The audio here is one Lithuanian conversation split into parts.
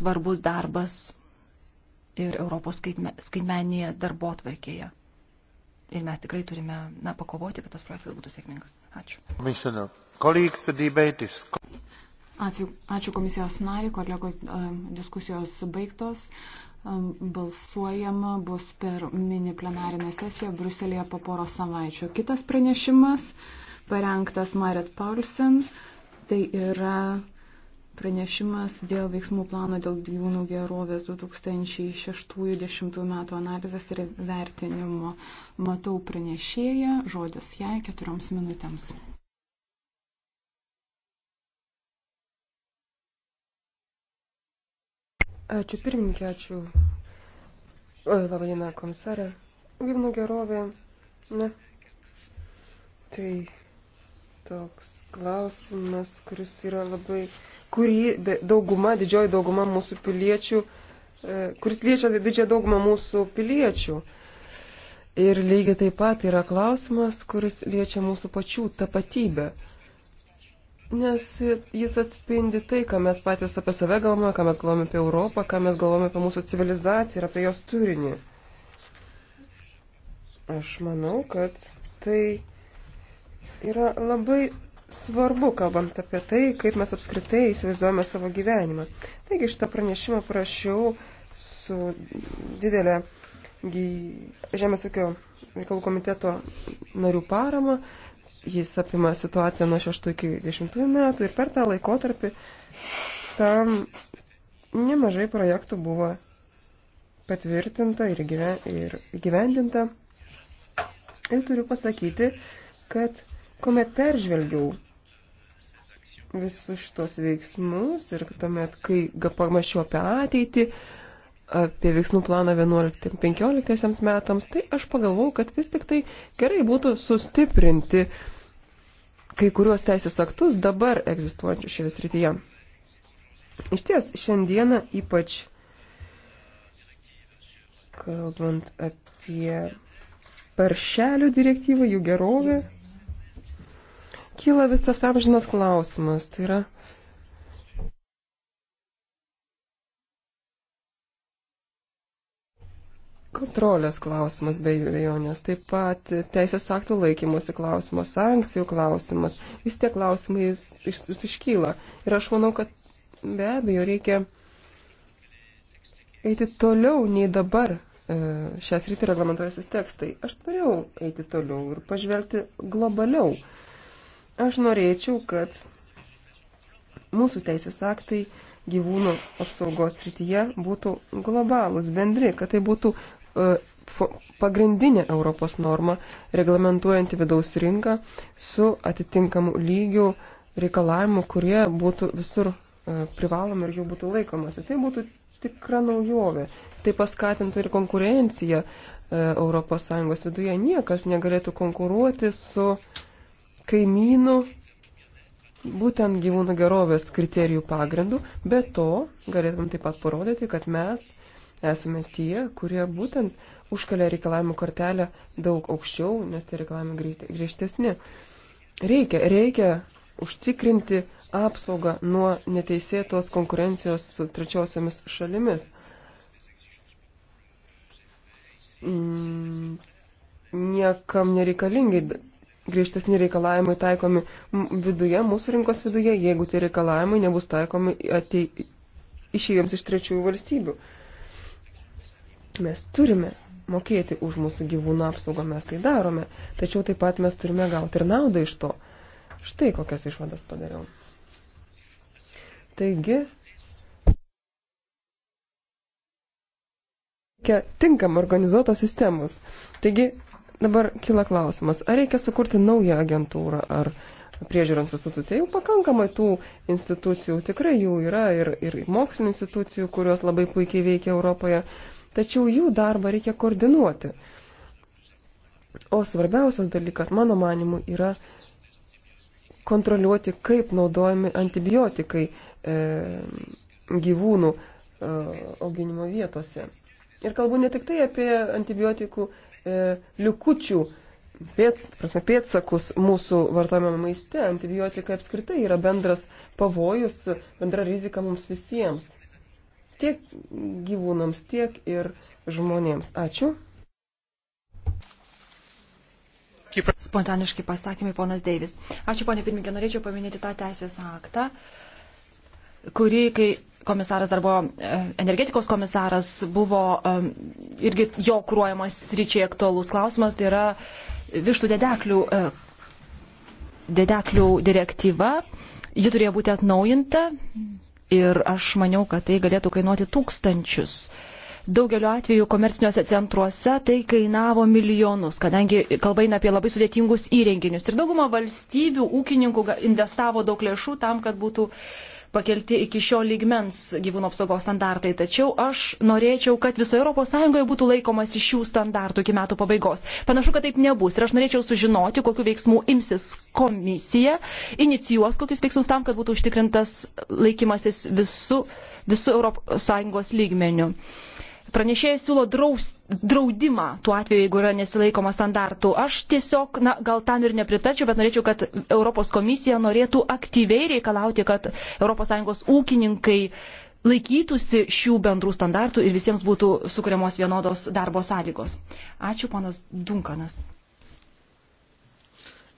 svarbus darbas ir Europos skaitmenėje darbo atvarkėje. Ir mes tikrai turime na, pakovoti, kad tas projektas būtų sėkmingas. Ačiū. Ačiū, ačiū komisijos nariai, kolegos diskusijos baigtos. Balsuojama bus per mini plenarinę sesiją Bruselėje po poro savaičių. Kitas pranešimas, parengtas Marit Paulsen, tai yra pranešimas dėl veiksmų plano dėl gyvūnų gerovės 2006-2010 metų analizės ir vertinimo. Matau pranešėją, žodis jai keturioms minutėms. Ačiū pirmininkė, ačiū. Labadiena, komisarė. Gyvūnų gerovė. Ne. Tai toks klausimas, kuris yra labai, kurį dauguma, didžioji dauguma mūsų piliečių, e, kuris liečia didžiąją daugumą mūsų piliečių. Ir lygiai taip pat yra klausimas, kuris liečia mūsų pačių tapatybę. Nes jis atspindi tai, ką mes patys apie save galvojame, ką mes galvojame apie Europą, ką mes galvojame apie mūsų civilizaciją ir apie jos turinį. Aš manau, kad tai yra labai svarbu, kalbant apie tai, kaip mes apskritai įsivaizduojame savo gyvenimą. Taigi šitą pranešimą prašiau su didelė Žemės ūkio reikalų komiteto narių parama. Jis apima situaciją nuo 6 iki 10 metų ir per tą laikotarpį tam nemažai projektų buvo patvirtinta ir, gyven, ir gyvendinta. Ir turiu pasakyti, kad kuomet peržvelgiau visus šitos veiksmus ir tuomet, kai pamačiau apie ateitį, apie veiksmų planą 11-15 metams, tai aš pagalvojau, kad vis tik tai gerai būtų sustiprinti kai kuriuos teisės aktus dabar egzistuojančius šioje srityje. Iš ties, šiandieną ypač kalbant apie paršelių direktyvą, jų gerovę. Mm kyla vis tas amžinas klausimas. Tai yra, kontrolės klausimas be abejonės, taip pat teisės aktų laikymosi klausimas, sankcijų klausimas, vis tie klausimai jis, jis, jis iškyla. Ir aš manau, kad be abejo reikia eiti toliau nei dabar e, šias rytį reglamentuojasis tekstai. Aš norėjau eiti toliau ir pažvelgti globaliau. Aš norėčiau, kad mūsų teisės aktai gyvūnų apsaugos srityje būtų globalūs, bendri, kad tai būtų e, pagrindinė Europos norma, reglamentuojanti vidaus rinką su atitinkamu lygiu reikalavimu, kurie būtų visur e, privalomi ir jų būtų laikomasi. Tai būtų tikra naujovė. Tai paskatintų ir konkurenciją ES viduje. Niekas negalėtų konkuruoti su uh, kaimynų būtent gyvūnų gerovės kriterijų pagrindų. Be to, galėtum taip pat parodyti, kad mes esame tie, kurie būtent užkelia reikalavimų kortelę daug aukščiau, nes tie reikalavimai griežtesni. Reikia, reikia užtikrinti apsaugą nuo neteisėtos konkurencijos su trečiosiamis šalimis. Mm, niekam nereikalingi griežtesni reikalavimai taikomi viduje, mūsų rinkos viduje, jeigu tie reikalavimai nebus taikomi atei... išėjams iš trečiųjų valstybių. Mes turime mokėti už mūsų gyvūnų apsaugą, mes tai darome, tačiau taip pat mes turime gauti ir naudą iš to. Štai kokias išvadas padariau. Taigi, reikia tinkamą organizuotos sistemos. Taigi, Dabar kyla klausimas, ar reikia sukurti naują agentūrą ar priežiūrą instituciją? Jau pakankamai tų institucijų, tikrai jų yra ir, ir mokslinio institucijų, kurios labai puikiai veikia Europoje, tačiau jų darbą reikia koordinuoti. O svarbiausias dalykas, mano manimu, yra kontroliuoti, kaip naudojami antibiotikai e, gyvūnų e, auginimo vietose. Ir kalbu ne tik tai apie antibiotikų E, likučių, pėts, prasme, pėtsakus mūsų vartojame maiste. Antibiotikai apskritai yra bendras pavojus, bendra rizika mums visiems. Tiek gyvūnams, tiek ir žmonėms. Ačiū. Spontaniškai pasakymai ponas Deivis. Ačiū, ponė pirmininkė, norėčiau paminėti tą teisės aktą. Uh, kuri, kai komisaras dar buvo, e, energetikos komisaras buvo e, irgi jo kruojamas ryčiai aktualus klausimas, tai yra vištų dedeklių, e, dedeklių direktyva. Ji turėjo būti atnaujinta ir aš maniau, kad tai galėtų kainuoti tūkstančius. Daugeliu atveju komerciniuose centruose tai kainavo milijonus, kadangi kalba eina apie labai sudėtingus įrenginius. Ir dauguma valstybių, ūkininkų investavo daug lėšų tam, kad būtų uh, pakelti iki šio lygmens gyvūnų apsaugos standartai. Tačiau aš norėčiau, kad visoje ES būtų laikomas iš šių standartų iki metų pabaigos. Panašu, kad taip nebus. Ir aš norėčiau sužinoti, kokiu veiksmu imsis komisija, inicijuos kokius veiksmus tam, kad būtų užtikrintas laikymasis visų, visų ES lygmenių. Pranešėjas siūlo draus, draudimą tuo atveju, jeigu yra nesilaikoma standartų. Aš tiesiog, na, gal tam ir nepritarčiau, bet norėčiau, kad Europos komisija norėtų aktyviai reikalauti, kad ES ūkininkai laikytųsi šių bendrų standartų ir visiems būtų sukūriamos vienodos darbo sąlygos. Ačiū, ponas Dunkanas.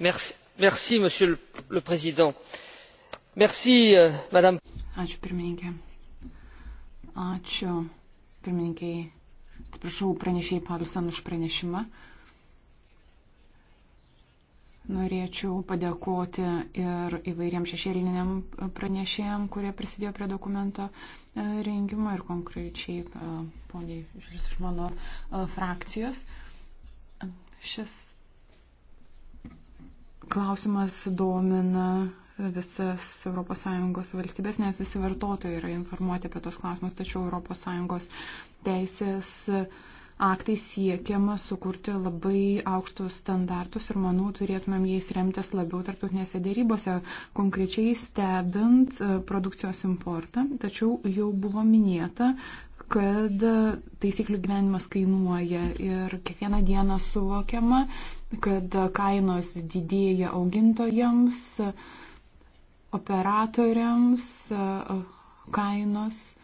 Merci, merci monsieur le président. Merci, euh, madame. Ačiū, pirmininkė. Ačiū pirmininkiai, atsiprašau, pranešėjai Pavilson už pranešimą. Norėčiau padėkoti ir įvairiam šešėliniam pranešėjam, kurie prisidėjo prie dokumento e, rengimo ir konkrečiai e, poniai iš mano e, frakcijos. Šis klausimas domina visas ES valstybės, nes visi vartotojai yra informuoti apie tos klausimus, tačiau ES teisės aktai siekiama sukurti labai aukštus standartus ir manau turėtumėm jais remtis labiau tarptautinėse dėrybose, konkrečiai stebint e, produkcijos importą. Tačiau jau buvo minėta, kad taisyklių gyvenimas kainuoja ir kiekvieną dieną suvokiama, kad kainos didėja augintojams operatoriams e, kainos e,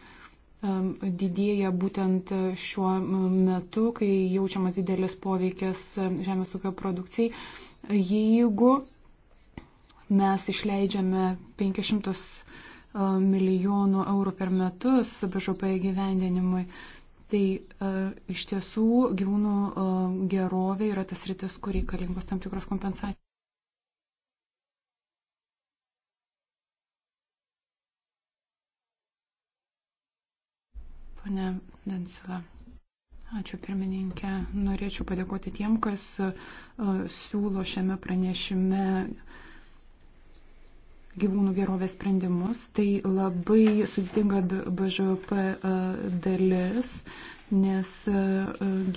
didėja būtent šiuo metu, kai jaučiamas didelis poveikis žemės ūkio produkcijai. Jeigu mes išleidžiame 500 e, milijonų eurų per metus BŽP įgyvendinimui, tai iš tiesų gyvūnų gerovė yra tas rytis, kur reikalingos tam tikros kompensacijos. Pane Densila. Ačiū pirmininkė. Norėčiau padėkoti tiem, kas e, siūlo šiame pranešime gyvūnų gerovės sprendimus. Tai labai sudėtinga BŽP e, dalis, nes e,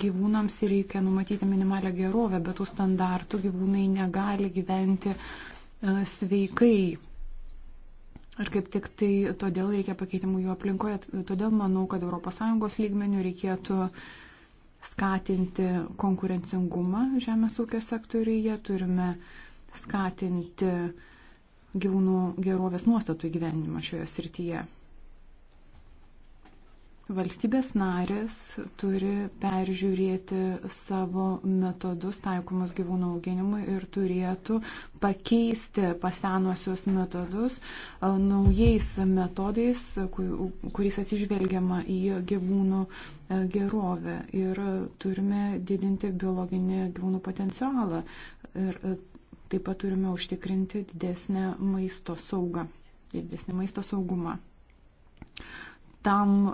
gyvūnams reikia numatyti minimalę gerovę, bet tų standartų gyvūnai negali gyventi sveikai Ir kaip tik tai todėl reikia pakeitimų jų aplinkoje. Todėl manau, kad ES lygmenių reikėtų skatinti konkurencingumą žemės ūkio sektoriuje, turime skatinti gyvūnų gerovės nuostatų įgyvenimą šioje srityje. Valstybės narės turi peržiūrėti savo metodus taikomus gyvūnų auginimui ir turėtų pakeisti pasenuosius metodus naujais metodais, kuriais atsižvelgiama į gyvūnų gerovę. Ir turime didinti biologinį gyvūnų potencialą. Ir taip pat turime užtikrinti didesnę maisto saugą, didesnį maisto saugumą tam e,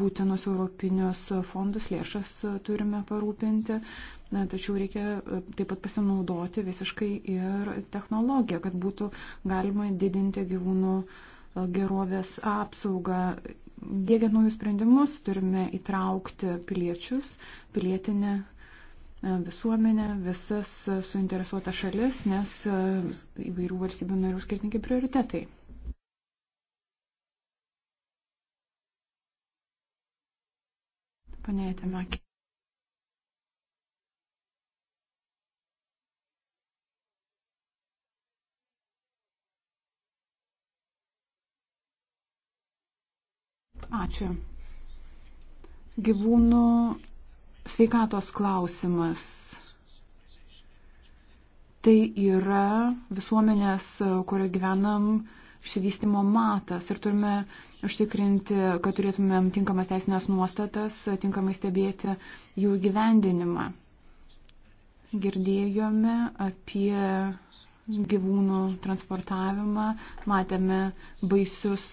būtinus europinius fondus lėšas e, turime parūpinti, tačiau reikia e, taip pat pasinaudoti visiškai ir technologiją, kad būtų galima didinti gyvūnų gerovės apsaugą. Dėgiant naujus sprendimus turime įtraukti piliečius, pilietinę visuomenę, visas suinteresuotas šalis, nes įvairių valstybių narių skirtingi prioritetai. Pane Jatemaki. Ačiū. Gyvūnų sveikatos klausimas. Tai yra visuomenės, kurioje gyvenam, išsivystimo matas ir turime užtikrinti, kad turėtumėm tinkamas teisinės nuostatas, tinkamai stebėti jų gyvendinimą. Girdėjome apie gyvūnų transportavimą, matėme baisius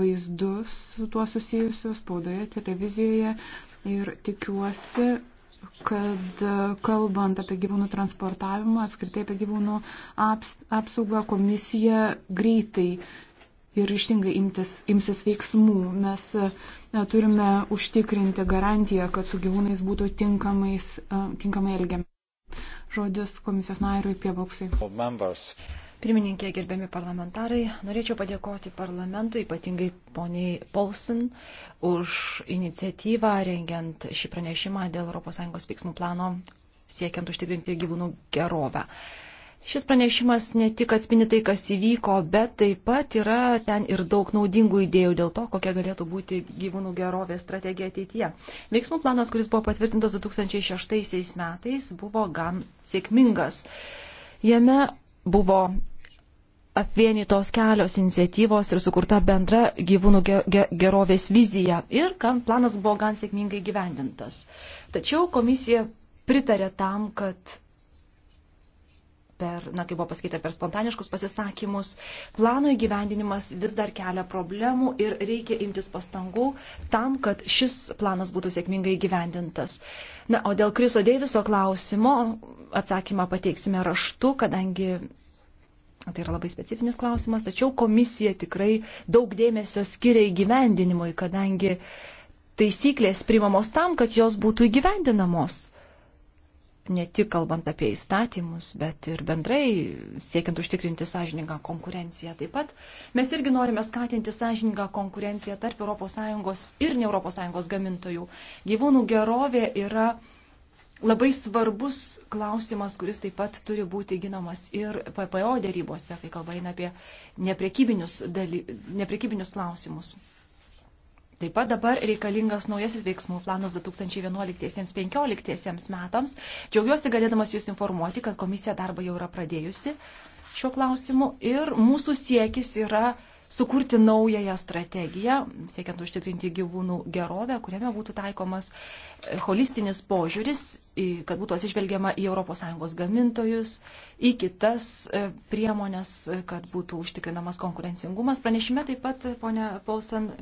vaizdus su tuo susijusius spaudoje, televizijoje ir tikiuosi, kad e, kalbant apie gyvūnų transportavimą, apskritai apie gyvūnų aps, apsaugą, komisija greitai ir ištingai imtis, imsis veiksmų. Mes na, e, turime užtikrinti garantiją, kad su gyvūnais būtų e, tinkamai elgiami. Žodis komisijos nariui Piebalksui. Pirmininkė, gerbiami parlamentarai, norėčiau padėkoti parlamentui, ypatingai poniai Paulsen, už iniciatyvą rengiant šį pranešimą dėl ES veiksmų plano siekiant užtikrinti gyvūnų gerovę. Šis pranešimas ne tik atspindi tai, kas įvyko, bet taip pat yra ten ir daug naudingų idėjų dėl to, kokia galėtų būti gyvūnų gerovės strategija ateityje. Veiksmų planas, kuris buvo patvirtintas 2006 metais, buvo gan sėkmingas. Jame buvo apvienytos kelios iniciatyvos ir sukurta bendra gyvūnų gerovės vizija ir kan planas buvo gan sėkmingai gyvendintas. Tačiau komisija pritarė tam, kad per, na, kaip buvo pasakyta, per spontaniškus pasisakymus, plano įgyvendinimas vis dar kelia problemų ir reikia imtis pastangų tam, kad šis planas būtų sėkmingai įgyvendintas. Na, o dėl Kriso Deiviso klausimo atsakymą pateiksime raštu, kadangi Tai yra labai specifinis klausimas, tačiau komisija tikrai daug dėmesio skiria įgyvendinimui, kadangi taisyklės primamos tam, kad jos būtų įgyvendinamos. Ne tik kalbant apie įstatymus, bet ir bendrai siekiant užtikrinti sąžiningą konkurenciją. Taip pat mes irgi norime skatinti sąžiningą konkurenciją tarp ES ir ne ES gamintojų. Gyvūnų gerovė yra labai svarbus klausimas, kuris taip pat turi būti ginamas ir PPO dėrybose, kai kalba eina apie neprekybinius, daly, neprekybinius klausimus. Taip pat dabar reikalingas naujasis veiksmų planas 2011-2015 metams. Džiaugiuosi galėdamas Jūs informuoti, kad komisija darbą jau yra pradėjusi šiuo klausimu ir mūsų siekis yra sukurti naująją strategiją, siekiant užtikrinti gyvūnų gerovę, kuriame būtų taikomas e, holistinis požiūris, kad būtų atsižvelgiama į ES gamintojus, į kitas e, priemonės, e, kad būtų užtikrinamas konkurencingumas. Pranešime taip pat, ponia Paulsen,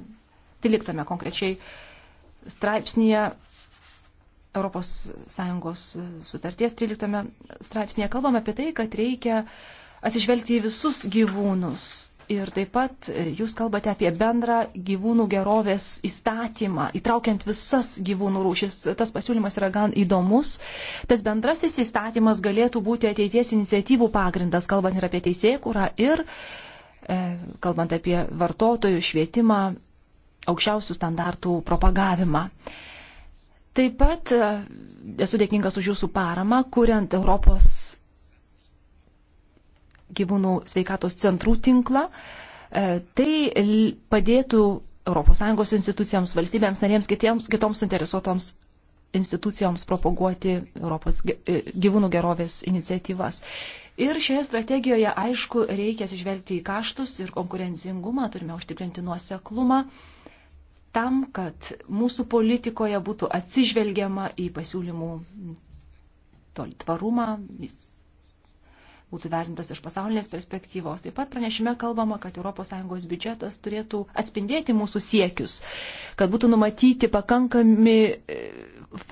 13 konkrečiai straipsnėje ES sutarties 13 straipsnėje kalbame apie tai, kad reikia atsižvelgti į visus gyvūnus, Ir taip pat e, jūs kalbate apie bendrą gyvūnų gerovės įstatymą, įtraukiant visas gyvūnų rūšis. Tas pasiūlymas yra gan įdomus. Tas bendrasis įstatymas galėtų būti ateities iniciatyvų pagrindas, kalbant ir apie teisėkurą, ir e, kalbant apie vartotojų švietimą, aukščiausių standartų propagavimą. Taip pat e, esu dėkingas už jūsų paramą, kuriant Europos gyvūnų sveikatos centrų tinklą. E, tai padėtų ES institucijoms, valstybėms narėms, kitiems, kitoms suinteresuotoms institucijoms propaguoti Europos e, gyvūnų gerovės iniciatyvas. Ir šioje strategijoje, aišku, reikia atsižvelgti į kaštus ir konkurencingumą, turime užtikrinti nuoseklumą tam, kad mūsų politikoje būtų atsižvelgiama į pasiūlymų tvarumą, būtų vertintas iš pasaulinės perspektyvos. Taip pat pranešime kalbama, kad ES biudžetas turėtų atspindėti mūsų siekius, kad būtų numatyti pakankami e,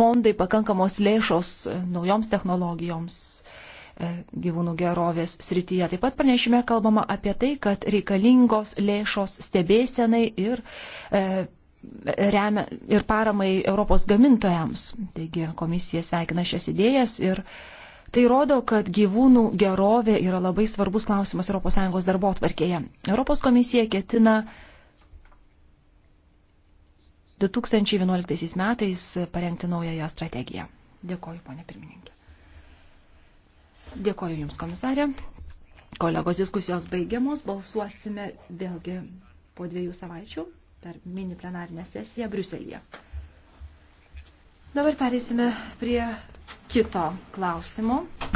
fondai, pakankamos lėšos e, naujoms technologijoms e, gyvūnų gerovės srityje. Taip pat pranešime kalbama apie tai, kad reikalingos lėšos stebėsenai ir e, remia ir paramai Europos gamintojams. Taigi komisija sveikina šias idėjas ir e, Tai rodo, kad gyvūnų gerovė yra labai svarbus klausimas ES darbo atvarkėje. Europos komisija ketina 2011 metais parengti naująją strategiją. Dėkoju, ponė pirmininkė. Dėkoju Jums, komisarė. Kolegos diskusijos baigiamos, balsuosime vėlgi po dviejų savaičių per mini plenarinę sesiją Briuselėje. Dabar perėsime prie kito klausimo.